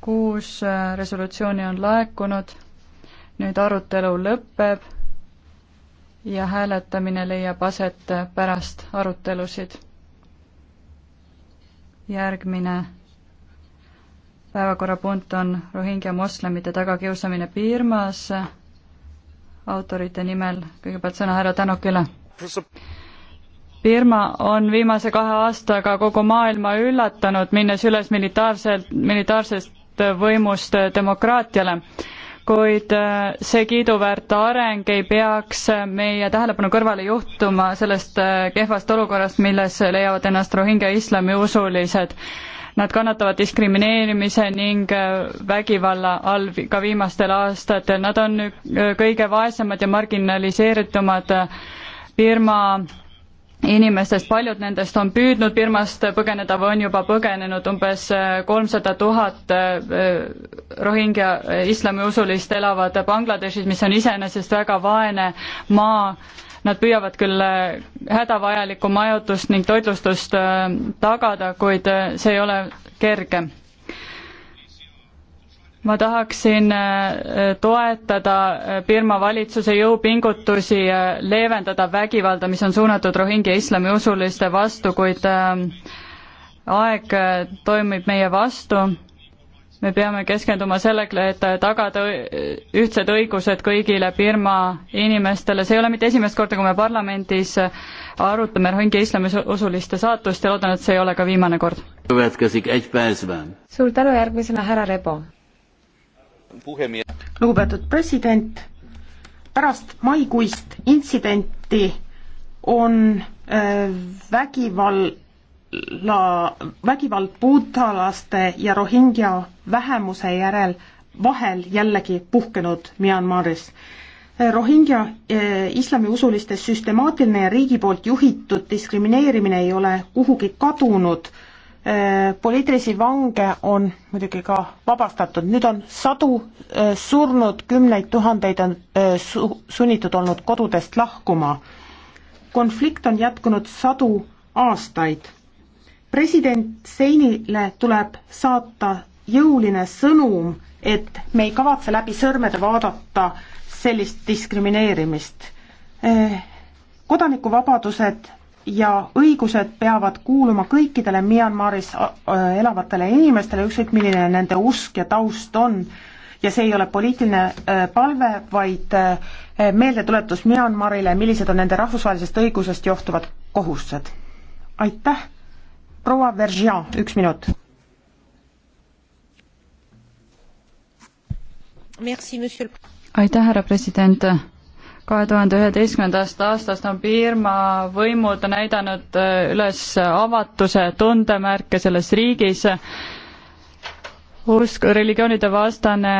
kuus äh, resolutsiooni on laekunud, nüüd arutelu lõpeb ja hääletamine leiab aset pärast arutelusid. järgmine päevakorrapunkt on Rohingja moslemite tagakiusamine Birmas. autorite nimel kõigepealt sõna härra Tänokile. Birma on viimase kahe aastaga kogu maailma üllatanud, minnes üles militaarselt, militaarsest üleminekut võimust demokraatiale. kuid äh, see kiiduväärt areng ei peaks meie tähelepanu kõrvale juhtuma sellest äh, kehvast olukorrast, milles leiavad ennast Rohingja islamiusulised. Nad kannatavad diskrimineerimise ning äh, vägivalla all ka viimastel aastatel, nad on kõige vaesemad ja marginaliseeritumad Birma inimestest, paljud nendest on püüdnud Birmast põgeneda või on juba põgenenud, umbes äh, kolmsada tuhat äh, äh, rohingja islamiusulist elavad Bangladeshis, mis on iseenesest väga vaene maa. Nad püüavad küll hädavajalikku majutust ning toitlustust tagada, kuid see ei ole kerge ma tahaksin äh, toetada äh, Birma valitsuse jõupingutusi äh, leevendada vägivalda, mis on suunatud Rohingja islamiusuliste vastu, kuid aeg toimib meie vastu. me peame keskenduma sellele, et tagada ühtsed õigused kõigile Birma inimestele, see ei ole mitte esimest korda, kui me parlamendis arutame Rohingja islamiusuliste saatust ja loodan, et see ei ole ka viimane kord. suur tänu, järgmisena härra Rebo lugupeetud president, pärast maikuist intsidenti on äh, vägivalla, vägivald puutalaste ja rohingja vähemuse järel vahel jällegi puhkenud Myanmaris. Äh, rohingja äh, islamiusuliste süstemaatiline ja riigi poolt juhitud diskrimineerimine ei ole kuhugi kadunud Äh, poliitilisi vange on muidugi ka vabastatud, nüüd on sadu äh, surnud, kümneid tuhandeid on äh, su-, sunnitud olnud kodudest lahkuma. konflikt on jätkunud sadu aastaid. president Seinile tuleb saata jõuline sõnum, et me ei kavatse läbi sõrmede vaadata sellist diskrimineerimist. Kodanikuvabadused ja õigused peavad kuuluma kõikidele Myanmaris äh, elavatele inimestele, ükskõik milline nende usk ja taust on. ja see ei ole poliitiline äh, palve, vaid äh, meeldetuletus Myanmarile, millised on nende rahvusvahelisest õigusest johtuvad kohustused. aitäh, proua Verjean, üks minut. aitäh, härra president kahe tuhande üheteistkümnendast aastast on Birma võimud näidanud äh, üles avatuse tundemärke selles riigis. usk, religioonide vastane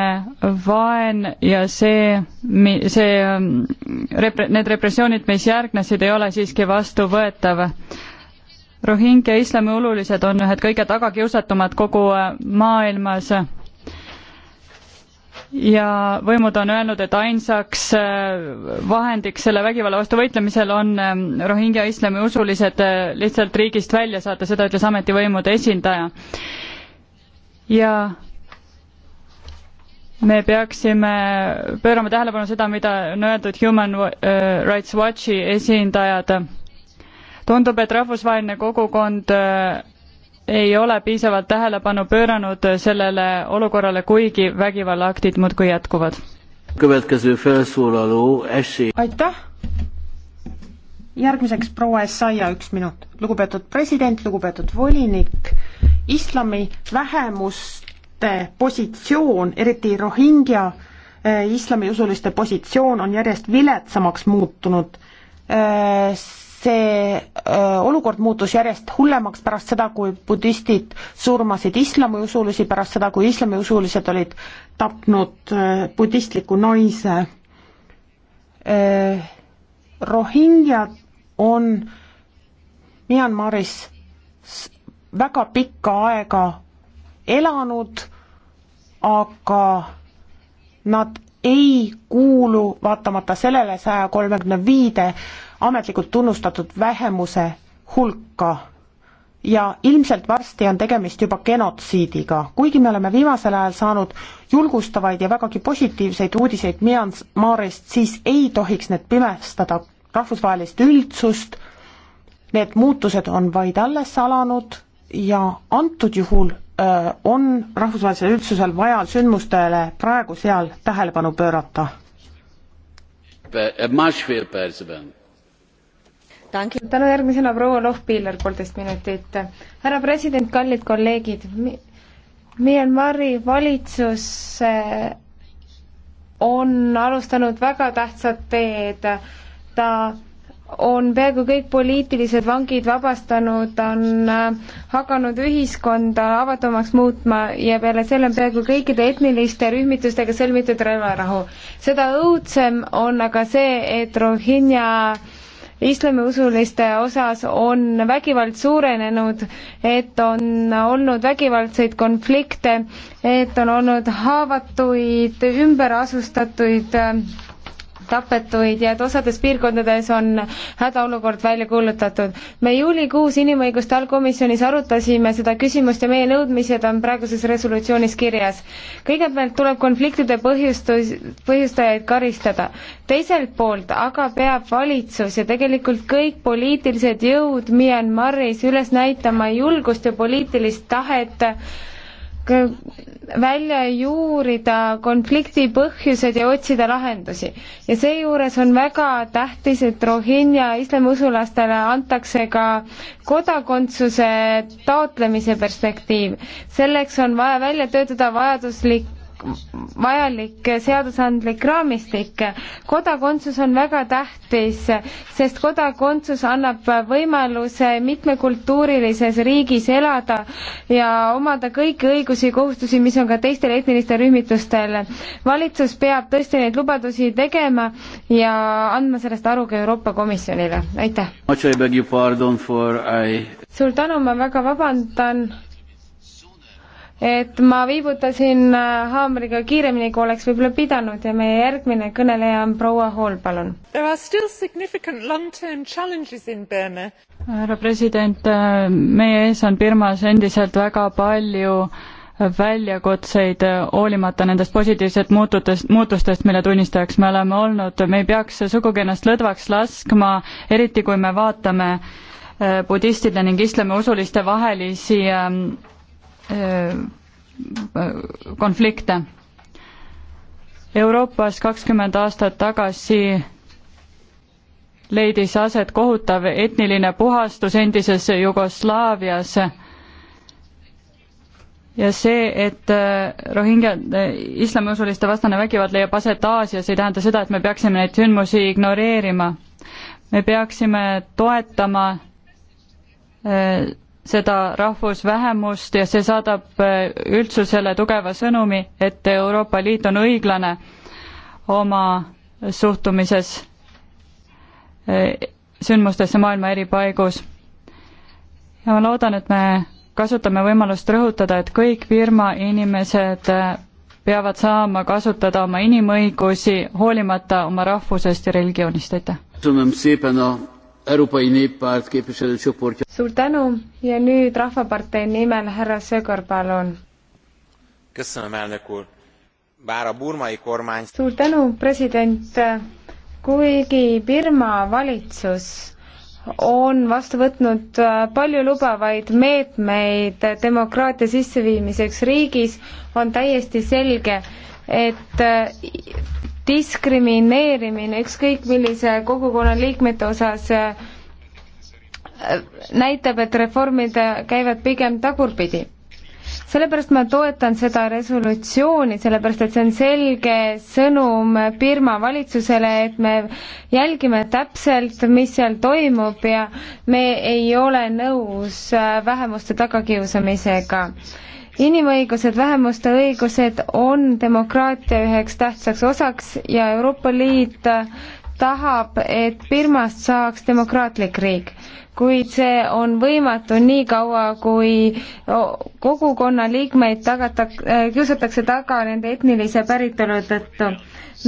vaen ja see, see, ähm, need repressioonid, mis järgnesid, ei ole siiski vastuvõetav. Rohingja islami olulised on ühed kõige tagakiusatumad kogu äh, maailmas ja võimud on öelnud, et ainsaks äh, vahendiks selle vägivalla vastu võitlemisel on ähm, Rohingja islamiusulised äh, lihtsalt riigist välja saata, seda ütles ametivõimude esindaja. ja me peaksime pöörama tähelepanu seda, mida on öeldud Human äh, Rights Watchi esindajad. tundub, et rahvusvaheline kogukond ei ole piisavalt tähelepanu pööranud sellele olukorrale, kuigi vägivallaaktid muudkui jätkuvad. E. aitäh! järgmiseks proua Essaia üks minut. lugupeetud president, lugupeetud volinik, islami vähemuste positsioon, eriti Rohingja eh, islamiusuliste positsioon on järjest viletsamaks muutunud eh, see öö, olukord muutus järjest hullemaks pärast seda, kui budistid surmasid islamiusulisi, pärast seda, kui islamiusulised olid tapnud öö, budistliku naise. Rohingjad on Myanmaris väga pikka aega elanud, aga nad ei kuulu, vaatamata sellele saja kolmekümne viide ametlikult tunnustatud vähemuse hulka ja ilmselt varsti on tegemist juba genotsiidiga, kuigi me oleme viimasel ajal saanud julgustavaid ja vägagi positiivseid uudiseid Myanmarist, siis ei tohiks need pimestada rahvusvahelist üldsust, need muutused on vaid alles alanud ja antud juhul öö, äh, on rahvusvahelisel üldsusel vaja sündmustele praegu seal tähelepanu pöörata. Eh, Másfél percben tänu järgmisena proua Lohpiller, poolteist minutit. härra president, kallid kolleegid, Myanmari valitsus on alustanud väga tähtsat teed. ta on peaaegu kõik poliitilised vangid vabastanud, on äh, hakanud ühiskonda avatumaks muutma ja peale selle on peaaegu kõikide etniliste rühmitustega sõlmitud relvarahu. seda õudsem on aga see, et Rohingja islamiusuliste osas on vägivald suurenenud, et on olnud vägivaldseid konflikte, et on olnud haavatuid, ümberasustatuid tapetuid ja et osades piirkondades on hädaolukord välja kuulutatud. me juulikuus Inimõiguste allkomisjonis arutasime seda küsimust ja meie nõudmised on praeguses resolutsioonis kirjas. kõigepealt tuleb konfliktide põhjustus, põhjustajaid karistada. teiselt poolt aga peab valitsus ja tegelikult kõik poliitilised jõud Myanmaris üles näitama julgust ja poliitilist tahet Äh, välja juurida konflikti põhjused ja otsida lahendusi. ja seejuures on väga tähtis, et Rohingja islamiusulastele antakse ka kodakondsuse taotlemise perspektiiv. selleks on vaja välja töötada vajaduslik vajalik seadusandlik raamistik. kodakondsus on väga tähtis, sest kodakondsus annab võimaluse mitmekultuurilises riigis elada ja omada kõiki õigusi ja kohustusi, mis on ka teistel etnilistel rühmitustel. valitsus peab tõesti neid lubadusi tegema ja andma sellest aru ka Euroopa Komisjonile, aitäh! suur tänu, ma väga vabandan et ma viibutasin äh, haamriga kiiremini, kui oleks võib-olla pidanud ja meie järgmine kõneleja on proua Hall, palun. härra president, äh, meie ees on Birmas endiselt väga palju väljakutseid, äh, hoolimata nendest positiivset muututest, muutustest, mille tunnistajaks me oleme olnud, me ei peaks sugugi ennast lõdvaks laskma, eriti kui me vaatame budistide ning islamiusuliste vahelisi ähm, Äh, konflikte. Euroopas kakskümmend aastat tagasi leidis aset kohutav etniline puhastus endises Jugoslaavias ja see, et äh, Rohingja äh, islamiusuliste vastane vägivald leiab aset Aasias, ei tähenda seda, et me peaksime neid sündmusi ignoreerima. me peaksime toetama seda rahvusvähemust ja see saadab eh, üldsusele tugeva sõnumi, et Euroopa Liit on õiglane oma suhtumises eh, sündmustesse maailma eri paigus. ja ma loodan, et me kasutame võimalust rõhutada, et kõik Birma inimesed eh, peavad saama kasutada oma inimõigusi hoolimata oma rahvusest ja religioonist, aitäh! suur tänu ja nüüd Rahvapartei nimel härra Sögor, palun. suur tänu, president. kuigi Birma valitsus on vastu võtnud äh, paljulubavaid meetmeid demokraatia sisseviimiseks riigis, on täiesti selge, et äh, diskrimineerimine ükskõik millise kogukonna liikmete osas äh, näitab, et reformid käivad pigem tagurpidi sellepärast ma toetan seda resolutsiooni, sellepärast et see on selge sõnum Birma valitsusele, et me jälgime täpselt, mis seal toimub ja me ei ole nõus äh, vähemuste tagakiusamisega inimõigused, vähemuste õigused on demokraatia üheks tähtsaks osaks ja Euroopa Liit tahab, et Birmast saaks demokraatlik riik, kuid see on võimatu nii kaua, kui kogukonna liikmeid tagata-, kiusatakse taga nende etnilise päritolu tõttu.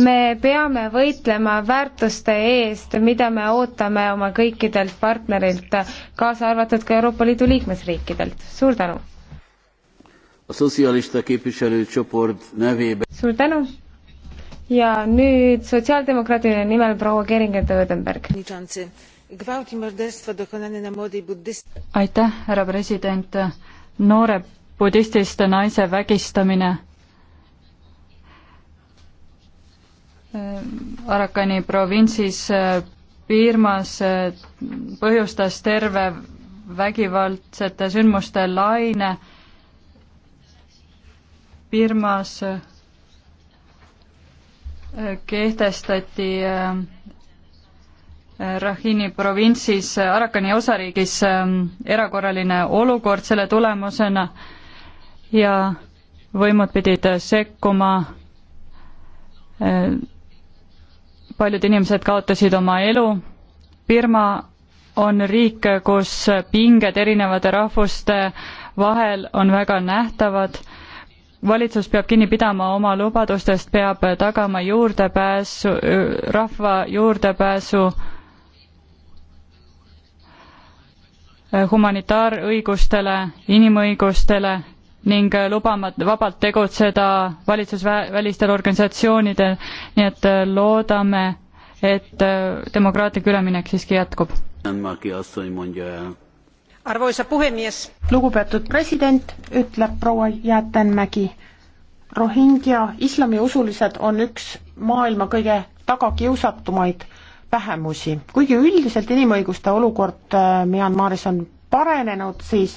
me peame võitlema väärtuste eest, mida me ootame oma kõikidelt partnerilt, kaasa arvatud ka Euroopa Liidu liikmesriikidelt. suur tänu! suur tänu! ja nüüd sotsiaaldemokraatide nimel proua Keringer-Töödenberg. aitäh, härra president, noore budistist naise vägistamine Arakani provintsis eh, Birmas eh, põhjustas terve vägivaldsete sündmuste laine Birmas eh, kehtestati äh, äh, Rahini provintsis äh, Arakani osariigis ähm, erakorraline olukord selle tulemusena ja võimud pidid sekkuma. paljud inimesed kaotasid oma elu. Birma on riik, kus pinged erinevate rahvuste vahel on väga nähtavad valitsus peab kinni pidama oma lubadustest, peab tagama juurdepääsu, rahva juurdepääsu humanitaarõigustele, inimõigustele ning lubama vabalt tegutseda valitsusvälistel organisatsioonidel, nii et loodame, et demokraatlik üleminek siiski jätkub. Jan Maki asszony mondja el arvoisa puhemies. lugupeetud president, ütleb proua Jäätenmägi. Rohingja islamiusulised on üks maailma kõige tagakiusatumaid vähemusi. kuigi üldiselt inimõiguste olukord äh, Myanmaris on parenenud, siis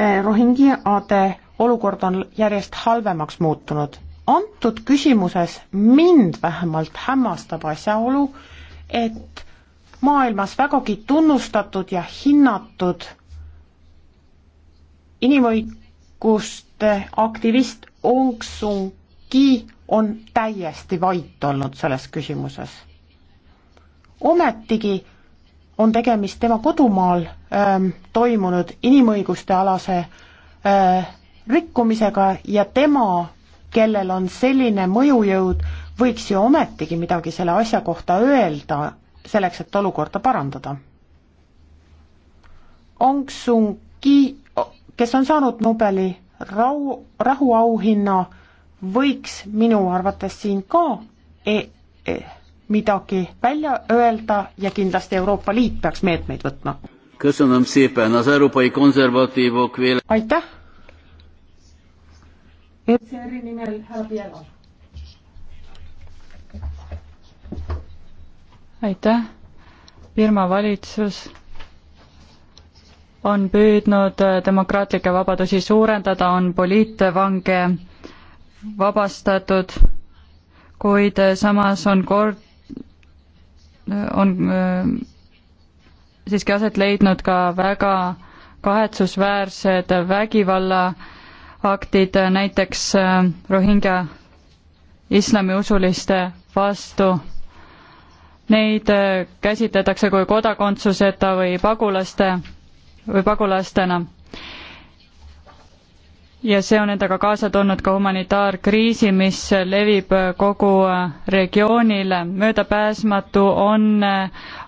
äh, Rohingyade olukord on järjest halvemaks muutunud. antud küsimuses mind vähemalt hämmastab asjaolu, et maailmas vägagi tunnustatud ja hinnatud inimõiguste aktivist Aung San Suu on täiesti vait olnud selles küsimuses. ometigi on tegemist tema kodumaal ähm, toimunud inimõiguste alase äh, rikkumisega ja tema, kellel on selline mõjujõud, võiks ju ometigi midagi selle asja kohta öelda, selleks et olukorda parandada. Aung San Suu kes on saanud Nobeli rau-, rahuauhinna, võiks minu arvates siin ka e e midagi välja öelda ja kindlasti Euroopa Liit peaks meetmeid võtma. aitäh! ECR-i nimel härra Piela. aitäh, Birma valitsus on püüdnud äh, demokraatlikke vabadusi suurendada, on poliitvange vabastatud, kuid äh, samas on kord, äh, on siiski aset leidnud ka väga kahetsusväärsed vägivallaaktid, näiteks Rohingja islamiusuliste vastu neid käsitletakse kui kodakondsuseta või pagulaste või pagulastena. ja see on endaga kaasa toonud ka humanitaarkriisi, mis levib kogu regioonile. möödapääsmatu on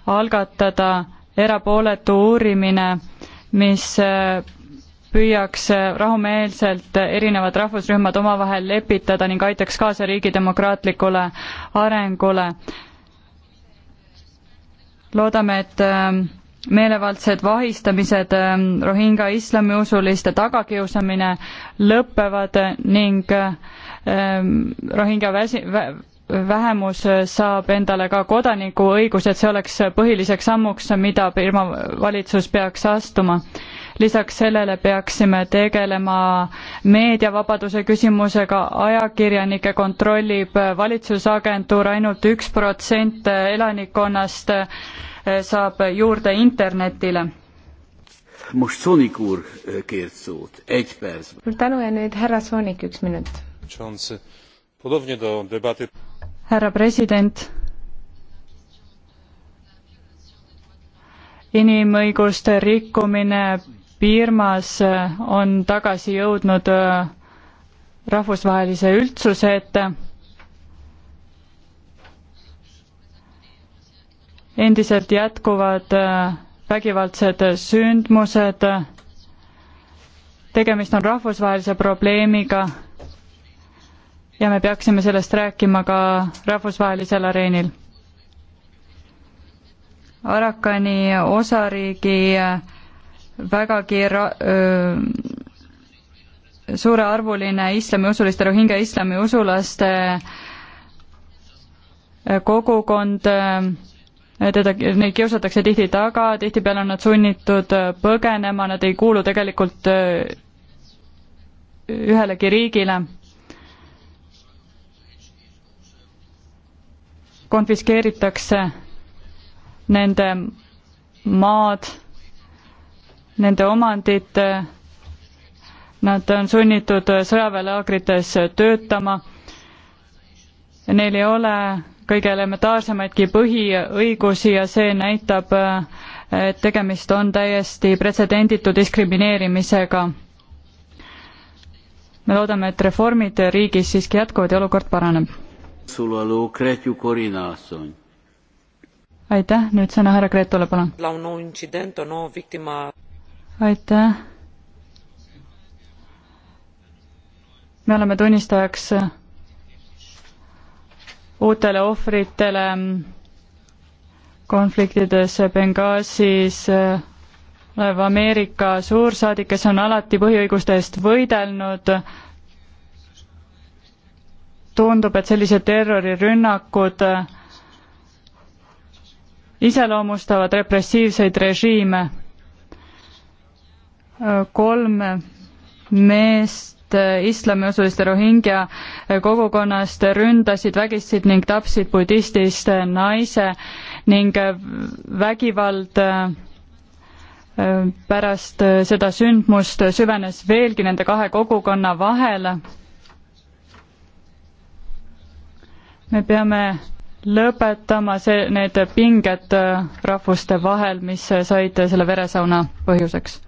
algatada erapooletu uurimine, mis püüaks rahumeelselt erinevad rahvusrühmad omavahel lepitada ning aitaks kaasa riigi demokraatlikule arengule. loodame, et meelevaldsed vahistamised, ähm, Rohingja islamiusuliste tagakiusamine lõpevad ning ähm, Rohingja väsi-, vähemus saab endale ka kodanikuõigused, see oleks põhiliseks sammuks, mida Birma valitsus peaks astuma. lisaks sellele peaksime tegelema meediavabaduse küsimusega, ajakirjanikke kontrollib valitsusagentuur ainult üks protsent elanikkonnast, saab juurde internetile. Eh, suur tänu ja nüüd härra Soonik, üks minut. härra president inimõiguste rikkumine Birmas eh, on tagasi jõudnud eh, rahvusvahelise üldsuse ette endiselt jätkuvad äh, vägivaldsed sündmused, tegemist on rahvusvahelise probleemiga ja me peaksime sellest rääkima ka rahvusvahelisel areenil. Arakani osariigi äh, vägagi ra-, äh, suurearvuline islamiusuliste, Rohingja islamiusulaste kogukond öö, teda, neid kiusatakse tihti taga, tihtipeale on nad sunnitud äh, põgenema, nad ei kuulu tegelikult äh, ühelegi riigile. konfiskeeritakse nende maad, nende omandid, äh, nad on sunnitud sõjaväelaagrites töötama, neil ei ole kõige elementaarsemaidki põhiõigusi ja see näitab, et tegemist on täiesti pretsedenditu diskrimineerimisega. me loodame, et reformid riigis siiski jätkuvad ja olukord paraneb. aitäh, nüüd sõna härra Gretole, palun. aitäh. me oleme tunnistajaks uutele ohvritele konfliktides Benghazis olev äh, Ameerika suursaadik, kes on alati põhiõiguste eest võidelnud, tundub, et sellised terrorirünnakud äh, iseloomustavad repressiivseid režiime. Äh, kolm meest liikmetest äh, islamiusuliste Rohingja äh, kogukonnast ründasid, vägistasid ning tapsid budistist äh, naise ning vägivald pärast seda sündmust süvenes veelgi nende kahe kogukonna vahele. me peame lõpetama see, need pinged rahvuste vahel, mis said selle veresauna põhjuseks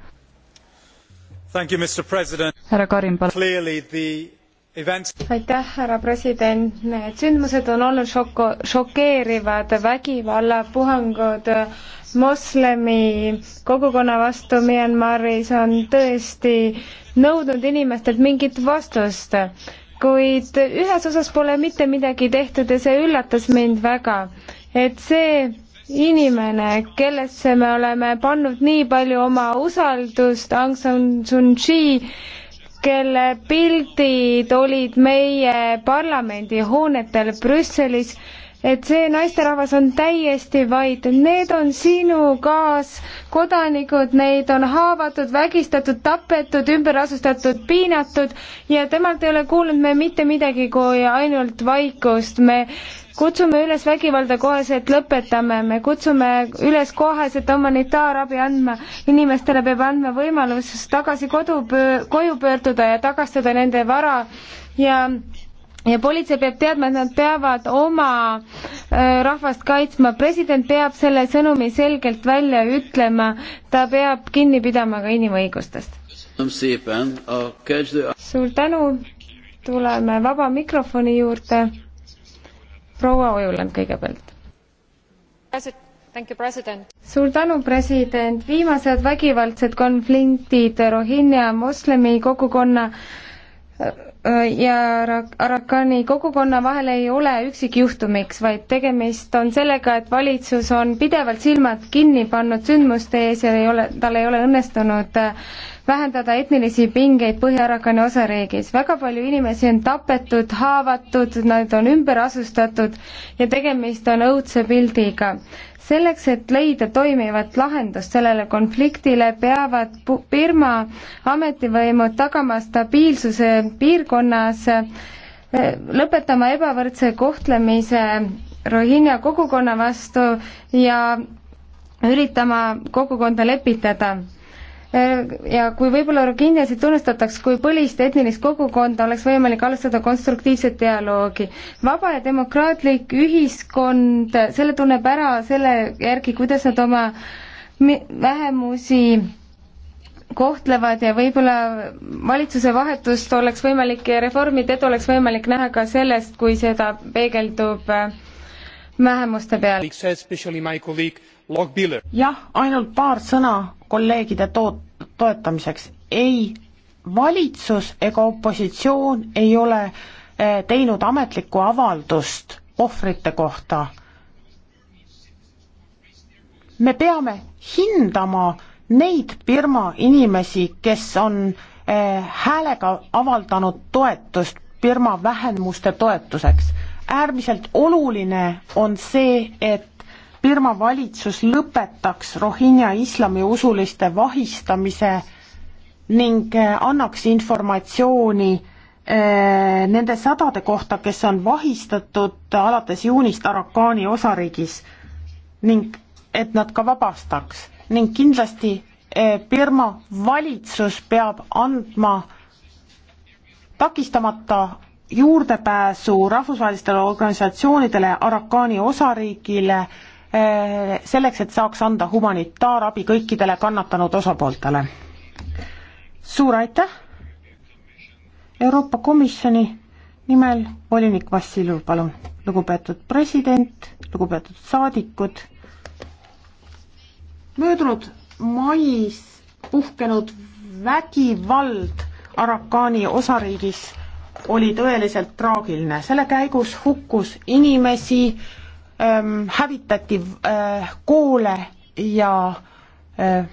härra Karin, palun aitäh, härra president, need sündmused on olnud šoko-, šokeerivad vägivallapuhangud moslemi kogukonna vastu Myanmaris on tõesti nõudnud inimestelt mingit vastust. kuid ühes osas pole mitte midagi tehtud ja see üllatas mind väga, et see inimene, kellesse me oleme pannud nii palju oma usaldust, Aung San Suu Kyi, kelle pildid olid meie parlamendihoonetel Brüsselis, et see naisterahvas on täiesti vaid, need on sinu kaaskodanikud, neid on haavatud, vägistatud, tapetud, ümberasustatud, piinatud ja temalt ei ole kuulnud me mitte midagi kui ainult vaikust, me kutsume üles vägivalda koheselt lõpetama, me kutsume üles koheselt humanitaarabi andma, inimestele peab andma võimalus tagasi kodu, koju pöörduda ja tagastada nende vara ja ja politsei peab teadma, et nad peavad oma äh, rahvast kaitsma, president peab selle sõnumi selgelt välja ütlema, ta peab kinni pidama ka inimõigustest. suur tänu, tuleme vaba mikrofoni juurde proua Ojuland kõigepealt. suur tänu, president. viimased vägivaldsed konfliktid Rohingja moslemi kogukonna ja Arakani kogukonna vahel ei ole üksikjuhtumiks, vaid tegemist on sellega, et valitsus on pidevalt silmad kinni pannud sündmuste ees ja ei ole, tal ei ole õnnestunud äh, vähendada etnilisi pingeid Põhja-Arakani osariigis. väga palju inimesi on tapetud, haavatud, nad on ümber asustatud ja tegemist on õudse pildiga. selleks, et leida toimivat lahendust sellele konfliktile, peavad Birma ametivõimud tagama stabiilsuse piirkonna piirkonnas, eh, lõpetama ebavõrdse kohtlemise Rohingja kogukonna vastu ja üritama kogukonda lepitada. Eh, ja kui võib-olla Rohingjasid tunnustataks kui põlist etnilist kogukonda, oleks võimalik alustada konstruktiivset dialoogi. vaba ja demokraatlik ühiskond, selle tunneb ära selle järgi, kuidas nad oma vähemusi kohtlevad ja võib-olla valitsuse vahetust oleks võimalik ja reformide edu oleks võimalik näha ka sellest, kui seda peegeldub äh, vähemuste peal. jah, ainult paar sõna kolleegide to-, toetamiseks. ei, valitsus ega opositsioon ei ole äh, teinud ametlikku avaldust ohvrite kohta. me peame hindama äh, neid Birma inimesi, kes on eh, häälega avaldanud toetust Birma vähemuste toetuseks. äärmiselt oluline on see, et Birma valitsus lõpetaks Rohingja islamiusuliste vahistamise ning eh, annaks informatsiooni eh, nende sadade kohta, kes on vahistatud alates juunist Arakani osariigis ning et nad ka vabastaks ning kindlasti eh, Birma valitsus peab andma takistamata juurdepääsu rahvusvahelistele organisatsioonidele Arakaani osariigile, eh, selleks, et saaks anda humanitaarabi kõikidele kannatanud osapooltele. suur aitäh Euroopa Komisjoni nimel, volinik Vassiljev, palun, lugupeetud president, lugupeetud saadikud möödunud mais puhkenud vägivald Arakani osariigis oli tõeliselt traagiline, selle käigus hukkus inimesi ähm,, hävitati äh, koole ja äh,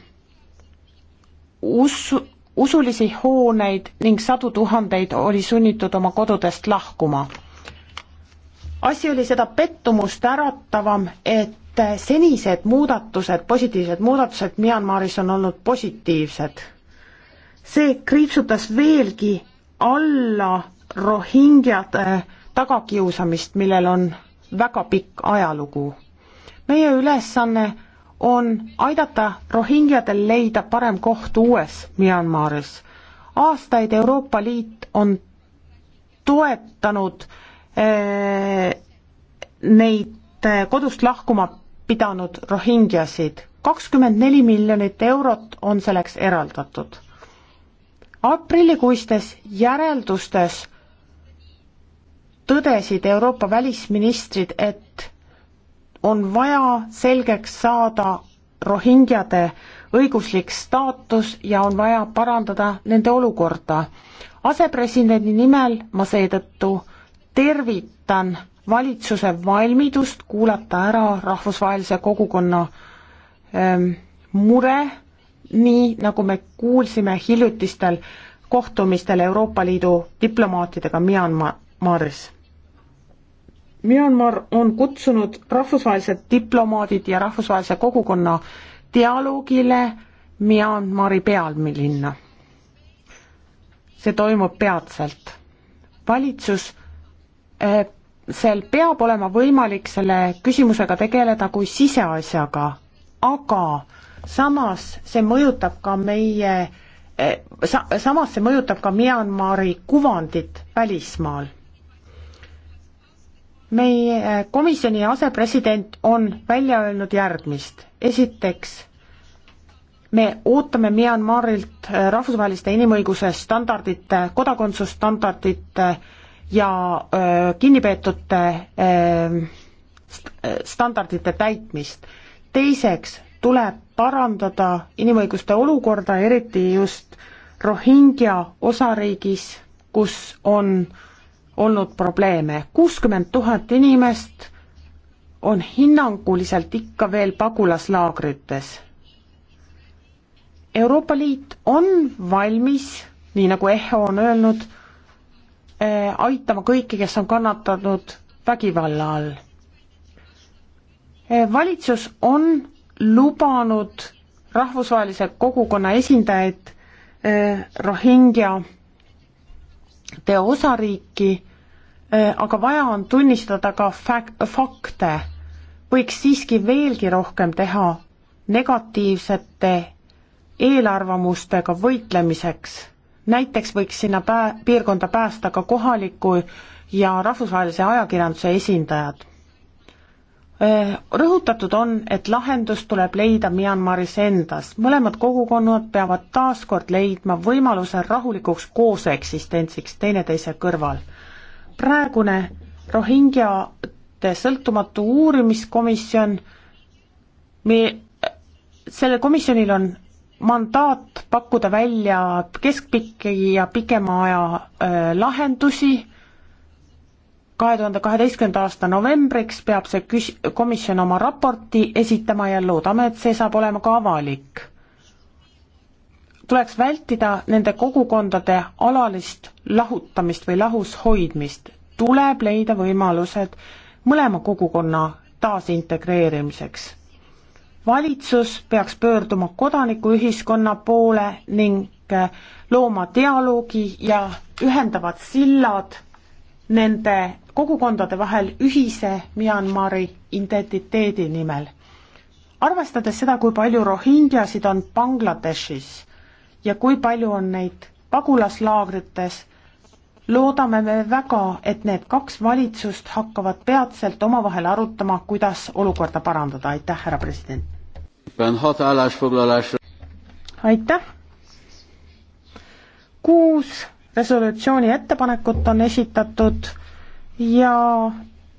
usu, usulisi hooneid ning sadu tuhandeid oli sunnitud oma kodudest lahkuma. asi oli seda pettumust äratavam, et et eh, senised muudatused, positiivsed muudatused Myanmaris on olnud positiivsed. see kriipsutas veelgi alla rohingjade eh, tagakiusamist, millel on väga pikk ajalugu. meie ülesanne on aidata rohingjadel leida parem koht uues Myanmaris. aastaid Euroopa Liit on toetanud eh, neid eh, kodust lahkuma pidanud rohingjasid. kakskümmend neli miljonit eurot on selleks eraldatud. aprillikuistes järeldustes tõdesid Euroopa välisministrid, et on vaja selgeks saada rohingjade õiguslik staatus ja on vaja parandada nende olukorda. asepresidendi nimel ma seetõttu tervitan valitsuse valmidust kuulata ära rahvusvahelise kogukonna ähm, mure, nii nagu me kuulsime hiljutistel kohtumistel Euroopa Liidu diplomaatidega Myanmaris. Myanmar on kutsunud rahvusvahelised diplomaadid ja rahvusvahelise kogukonna dialoogile Myanmari pealmilinna. see toimub peatselt. valitsus äh, seal peab olema võimalik selle küsimusega tegeleda kui siseasjaga, aga samas see mõjutab ka meie eh, sa-, samas see mõjutab ka Myanmari kuvandit välismaal. meie eh, komisjoni asepresident on välja öelnud järgmist, esiteks me ootame Myanmarilt eh, rahvusvaheliste inimõiguse standardite, kodakondsusstandardite äh, ja kinnipeetute standardite täitmist. teiseks tuleb parandada inimõiguste olukorda, eriti just Rohingja osariigis, kus on olnud probleeme. kuuskümmend tuhat inimest on hinnanguliselt ikka veel pagulaslaagrites. Euroopa Liit on valmis, nii nagu EHO on öelnud, Äh, aitama kõiki, kes on kannatanud vägivalla all. Äh, valitsus on lubanud rahvusvahelise kogukonna esindajaid äh, Rohingja teo osariiki, aga vaja on tunnistada ka fak-, fakte. võiks siiski veelgi rohkem teha negatiivsete eelarvamustega võitlemiseks näiteks võiks sinna pää-, piirkonda päästa ka kohaliku ja rahvusvahelise ajakirjanduse esindajad. Äh, rõhutatud on, et lahendus tuleb leida Myanmaris endas, mõlemad kogukonnad peavad taas kord leidma võimaluse rahulikuks kooseksistentsiks teineteise kõrval. praegune Rohingjate sõltumatu uurimiskomisjon, me, äh, sellel komisjonil on mandaat pakkuda välja keskpikki ja pikema aja lahendusi, kahe tuhande kaheteistkümnenda aasta novembriks peab see küs-, komisjon oma raporti esitama ja loodame, et see saab olema ka avalik. tuleks vältida nende kogukondade alalist lahutamist või lahus hoidmist, tuleb leida võimalused mõlema kogukonna taasintegreerimiseks valitsus peaks pöörduma kodanikuühiskonna poole ning äh, looma dialoogi ja ühendavad sillad nende kogukondade vahel ühise Myanmari identiteedi nimel. arvestades seda, kui palju rohingjasid on Bangladeshis ja kui palju on neid pagulaslaagrites, loodame me väga, et need kaks valitsust hakkavad peatselt omavahel arutama, kuidas olukorda parandada, aitäh, härra president! aitäh! kuus resolutsiooni ettepanekut on esitatud ja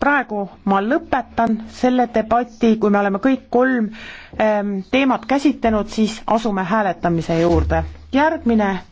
praegu ma lõpetan selle debati, kui me oleme kõik kolm ähm, teemat käsitlenud, siis asume hääletamise juurde. järgmine